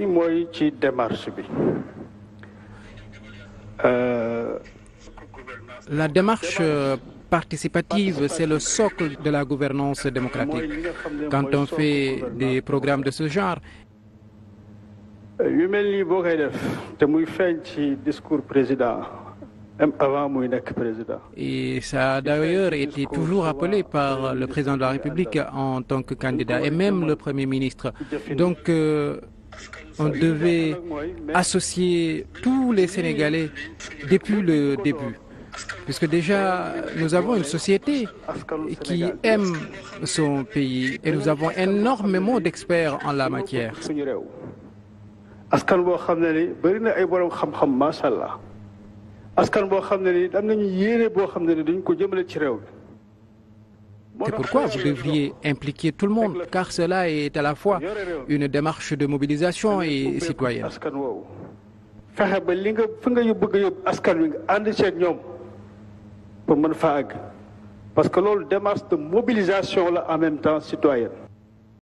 bi mooy ci démarche bi. Euh, la démarche euh, participative, c'est le socle de la gouvernance démocratique. Quand on fait des programmes de ce genre, euh, yu mel nii boo koy def te muy muy nekk président. a d'ailleurs été toujours rappelé par le président de la République en tant que candidat et même le Premier ministre. Donc on devait associer tous les Sénégalais depuis le début. Puisque déjà, nous avons une société qui aime son pays et nous avons énormément d'experts en la matière. askan boo xam ne ni bëri na ay borom xam-xam allah askan boo xam ne ni am nañu yéene boo xam ne dañ ko jëmale ci réew mi C'est pourquoi vous devriez impliquer tout le monde, car cela est à la fois une démarche de mobilisation et citoyenne. fexe ba li nga fi nga bëgg a yóbbu askan wi nga ànd ceeg ñoom pour mën fa àgg parce que loolu démarche de mobilisation la en même temps citoyenne.